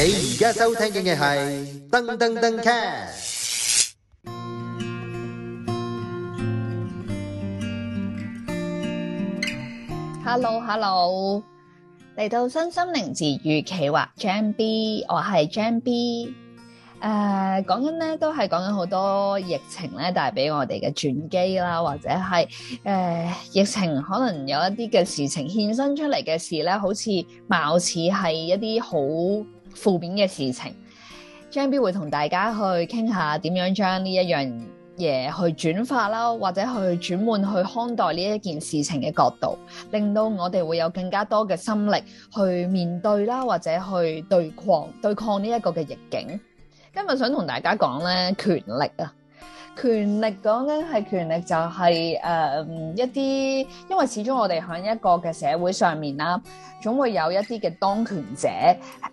你而家收聽緊嘅係噔噔噔 cast。Hello，Hello，嚟到新心靈治癒企劃 Jam B，我係 Jam B。誒、呃，講緊咧都係講緊好多疫情咧帶俾我哋嘅轉機啦，或者係誒、呃、疫情可能有一啲嘅事情衍生出嚟嘅事咧，好似貌似係一啲好負面嘅事情，張 B 會同大家去傾下點樣將呢一樣嘢去轉化啦，或者去轉換去看待呢一件事情嘅角度，令到我哋會有更加多嘅心力去面對啦，或者去對抗對抗呢一個嘅逆境。今日想同大家講咧，權力啊！權力講緊係權力、就係，就係誒一啲，因為始終我哋喺一個嘅社會上面啦，總會有一啲嘅當權者，誒、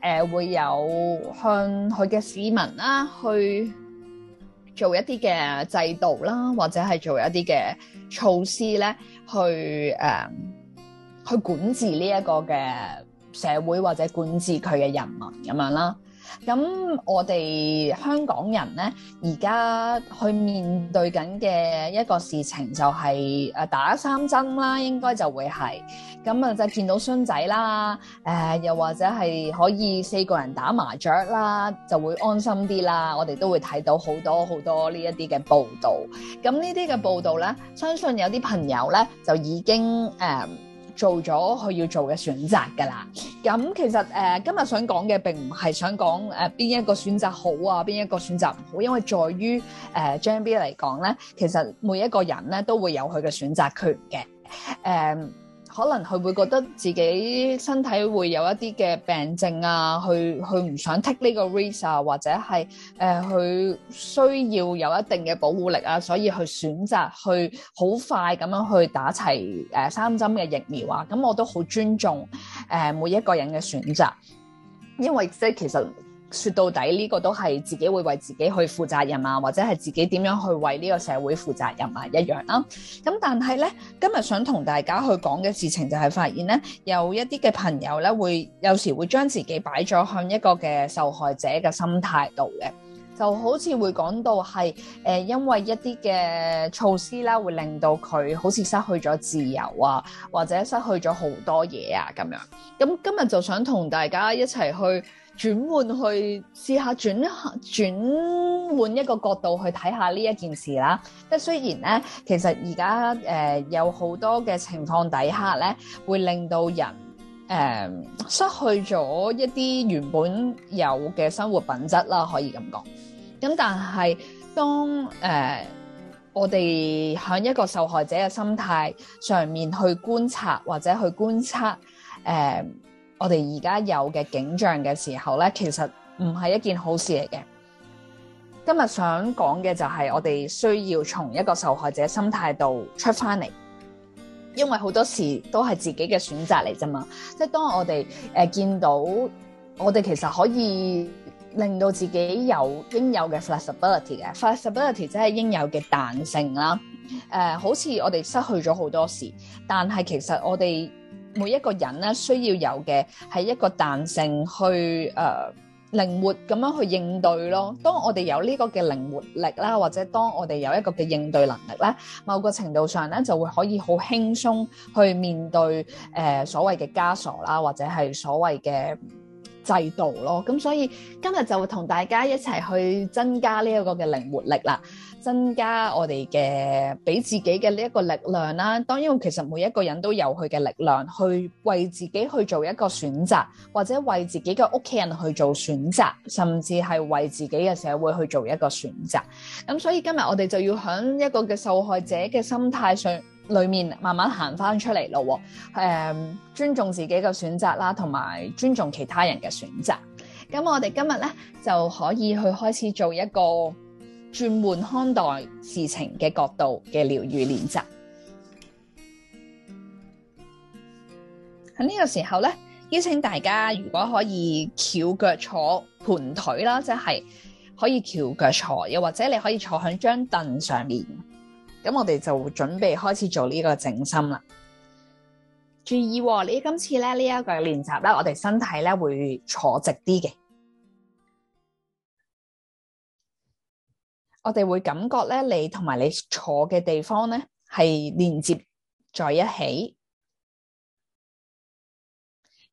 呃、會有向佢嘅市民啦、啊、去做一啲嘅制度啦，或者係做一啲嘅措施咧，去誒、呃、去管治呢一個嘅社會，或者管治佢嘅人民咁樣啦。咁我哋香港人呢，而家去面對緊嘅一個事情就係、是、誒、啊、打三針啦，應該就會係咁啊，就見到孫仔啦，誒、呃、又或者係可以四個人打麻雀啦，就會安心啲啦。我哋都會睇到好多好多呢一啲嘅報道。咁呢啲嘅報道呢，相信有啲朋友呢，就已經誒。呃做咗佢要做嘅選擇㗎啦。咁、嗯、其實誒、呃、今日想講嘅並唔係想講誒邊一個選擇好啊，邊一個選擇唔好，因為在於誒張、呃、B 嚟講咧，其實每一個人咧都會有佢嘅選擇權嘅誒。呃可能佢會覺得自己身體會有一啲嘅病症啊，去去唔想 take 呢個 risk 或者係誒，佢、呃、需要有一定嘅保護力啊，所以選擇去選擇去好快咁樣去打齊誒、呃、三針嘅疫苗啊。咁我都好尊重誒、呃、每一個人嘅選擇，因為即係其實。說到底，呢個都係自己會為自己去負責任啊，或者係自己點樣去為呢個社會負責任啊，一樣啦、啊。咁但係呢，今日想同大家去講嘅事情就係，發現呢，有一啲嘅朋友呢，會有時會將自己擺咗向一個嘅受害者嘅心態度嘅，就好似會講到係誒、呃，因為一啲嘅措施啦，會令到佢好似失去咗自由啊，或者失去咗好多嘢啊，咁樣。咁、嗯、今日就想同大家一齊去。轉換去試下轉轉換一個角度去睇下呢一件事啦。即係雖然咧，其實而家誒有好多嘅情況底下咧，會令到人誒、呃、失去咗一啲原本有嘅生活品質啦，可以咁講。咁但係當誒、呃、我哋喺一個受害者嘅心態上面去觀察或者去觀察誒。呃我哋而家有嘅景象嘅時候咧，其實唔係一件好事嚟嘅。今日想講嘅就係我哋需要從一個受害者心態度出翻嚟，因為好多時都係自己嘅選擇嚟啫嘛。即係當我哋誒、呃、見到我哋其實可以令到自己有應有嘅 flexibility 嘅 flexibility，即係應有嘅彈性啦。誒好似我哋失去咗好多事，但係其實我哋。每一個人咧需要有嘅係一個彈性去誒靈活咁樣去應對咯。當我哋有呢個嘅靈活力啦，或者當我哋有一個嘅應對能力咧，某個程度上咧就會可以好輕鬆去面對誒所謂嘅枷鎖啦，或者係所謂嘅。制度咯，咁所以今日就會同大家一齊去增加呢一個嘅靈活力啦，增加我哋嘅俾自己嘅呢一個力量啦、啊。當然，其實每一個人都有佢嘅力量，去為自己去做一個選擇，或者為自己嘅屋企人去做選擇，甚至係為自己嘅社會去做一個選擇。咁所以今日我哋就要響一個嘅受害者嘅心態上裏面慢慢行翻出嚟咯，誒、嗯，尊重自己嘅選擇啦，同埋尊重其他人嘅選擇。咁我哋今日咧就可以去開始做一個轉換看待事情嘅角度嘅療愈練習。喺呢個時候咧，邀請大家如果可以翹腳坐盤腿啦，即係可以翹腳坐，又或者你可以坐喺張凳上面。咁我哋就準備開始做呢個靜心啦。注意哦，你今次咧呢一個練習咧，我哋身體咧會坐直啲嘅。我哋會感覺咧，你同埋你坐嘅地方咧係連接在一起。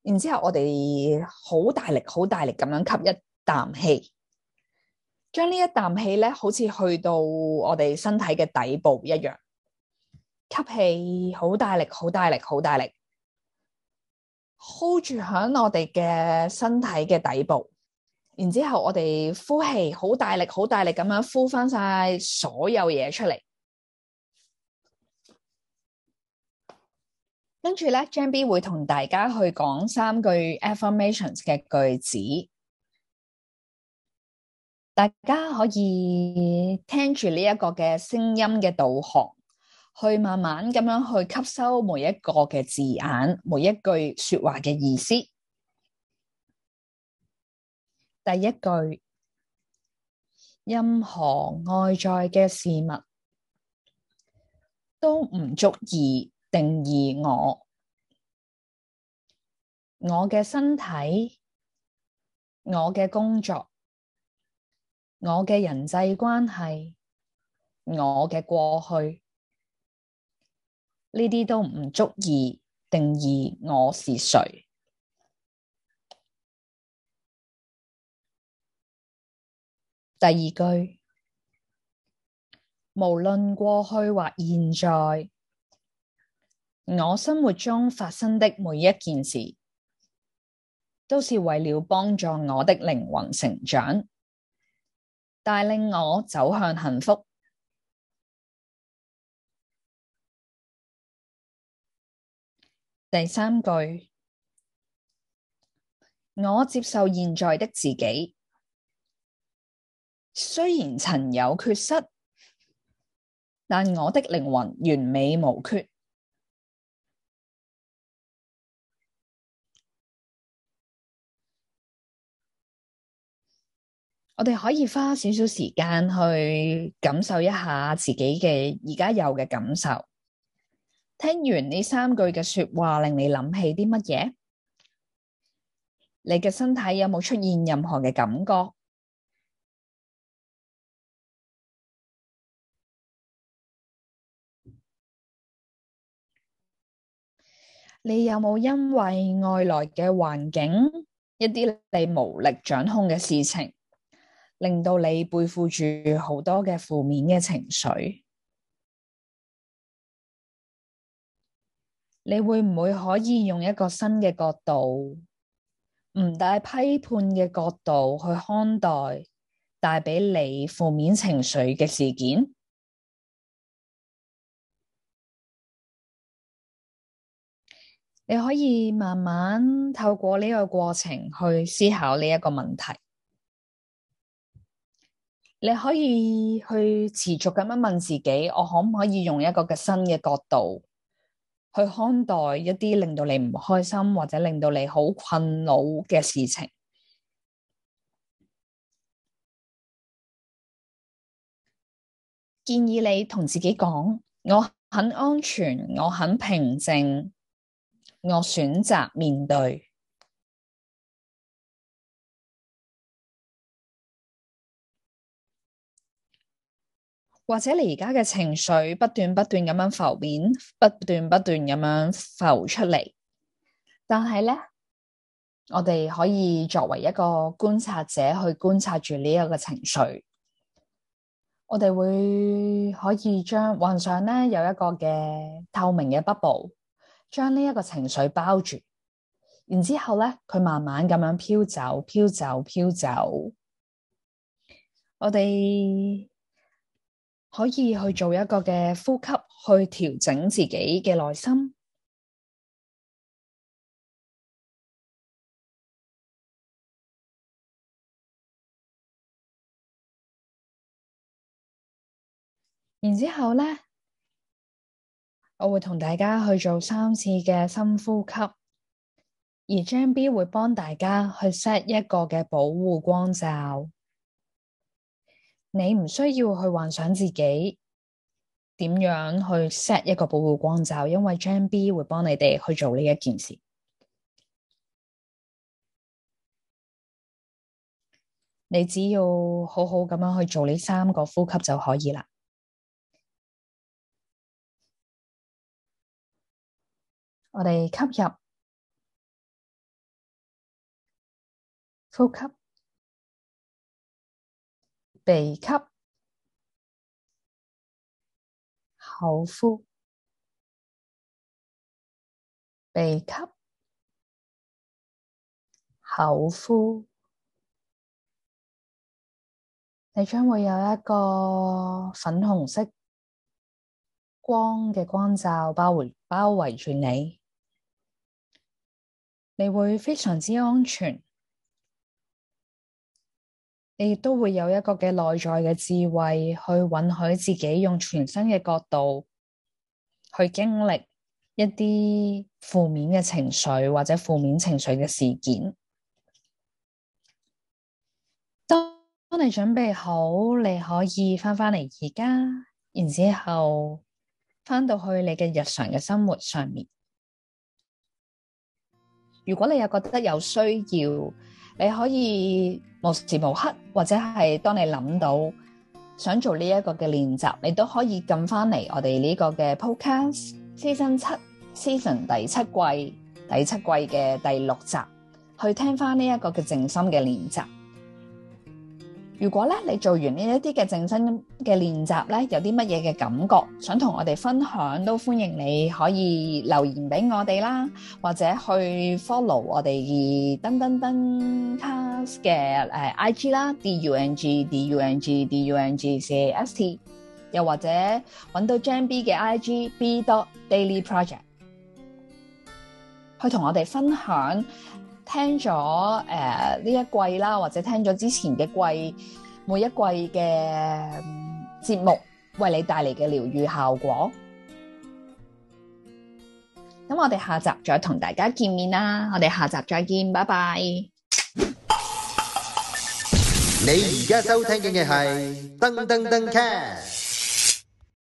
然之後我哋好大力、好大力咁樣吸一啖氣。將呢一啖氣咧，好似去到我哋身體嘅底部一樣，吸氣好大力，好大力，好大力，hold 住響我哋嘅身體嘅底部。然之後我哋呼氣，好大力，好大力咁樣呼翻晒所有嘢出嚟。跟住咧，Jammy 會同大家去講三句 affirmations 嘅句子。大家可以聽住呢一個嘅聲音嘅導航，去慢慢咁樣去吸收每一個嘅字眼，每一句說話嘅意思。第一句，任何外在嘅事物都唔足以定義我。我嘅身體，我嘅工作。我嘅人際關係，我嘅過去，呢啲都唔足以定義我是誰。第二句，無論過去或現在，我生活中發生的每一件事，都是為了幫助我的靈魂成長。帶領我走向幸福。第三句，我接受現在的自己，雖然曾有缺失，但我的靈魂完美無缺。我哋可以花少少時間去感受一下自己嘅而家有嘅感受。聽完呢三句嘅說話，令你諗起啲乜嘢？你嘅身體有冇出現任何嘅感覺？你有冇因為外來嘅環境，一啲你無力掌控嘅事情？令到你背負住好多嘅負面嘅情緒，你會唔會可以用一個新嘅角度，唔帶批判嘅角度去看待帶俾你負面情緒嘅事件？你可以慢慢透過呢個過程去思考呢一個問題。你可以去持續咁樣問自己，我可唔可以用一個嘅新嘅角度去看待一啲令到你唔開心或者令到你好困擾嘅事情？建議你同自己講：我很安全，我很平靜，我選擇面對。或者你而家嘅情緒不斷不斷咁樣浮面，不斷不斷咁樣浮出嚟。但係咧，我哋可以作為一個觀察者去觀察住呢一個情緒。我哋會可以將幻想咧，有一個嘅透明嘅 bubble，將呢一個情緒包住。然之後咧，佢慢慢咁樣飄走、飄走、飄走。我哋，可以去做一個嘅呼吸，去調整自己嘅內心。然之後咧，我會同大家去做三次嘅深呼吸，而 Jam B 會幫大家去 set 一個嘅保護光罩。你唔需要去幻想自己點樣去 set 一個保護光罩，因為 Jam B 會幫你哋去做呢一件事。你只要好好咁樣去做呢三個呼吸就可以啦。我哋吸入，呼吸。鼻吸，口呼，鼻吸，口呼，你將會有一個粉紅色光嘅光罩包圍包圍住你，你會非常之安全。你亦都會有一個嘅內在嘅智慧去允許自己用全新嘅角度去經歷一啲負面嘅情緒或者負面情緒嘅事件。當你準備好，你可以翻返嚟而家，然之後翻到去你嘅日常嘅生活上面。如果你又覺得有需要，你可以無時無刻，或者係當你諗到想做呢一個嘅練習，你都可以撳翻嚟我哋呢個嘅 Podcast Season 七 Season 第七季第七季嘅第六集，去聽翻呢一個嘅靜心嘅練習。如果咧你做完呢一啲嘅正身嘅練習咧，有啲乜嘢嘅感覺，想同我哋分享都歡迎你可以留言俾我哋啦，或者去 follow 我哋噔噔噔 cast 嘅誒 IG 啦，DUNG DUNG DUNG c s t，又或者揾到 Jam B 嘅 IG B.Daily Project 去同我哋分享。聽咗誒呢一季啦，或者聽咗之前嘅季，每一季嘅嗯、節目為你帶嚟嘅療愈效果。咁我哋下集再同大家見面啦，我哋下集再見，拜拜。你而家收聽嘅係噔噔噔 c